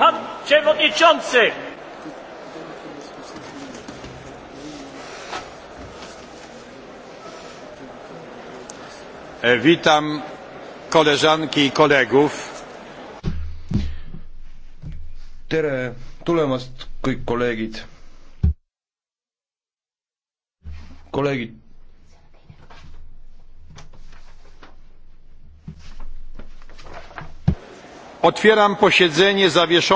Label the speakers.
Speaker 1: Pan Przewodniczący!
Speaker 2: E, witam koleżanki i kolegów. Tere
Speaker 3: tulemast kõik kolleegid. Kolleegid
Speaker 4: otwieram posiedzenie zawieszone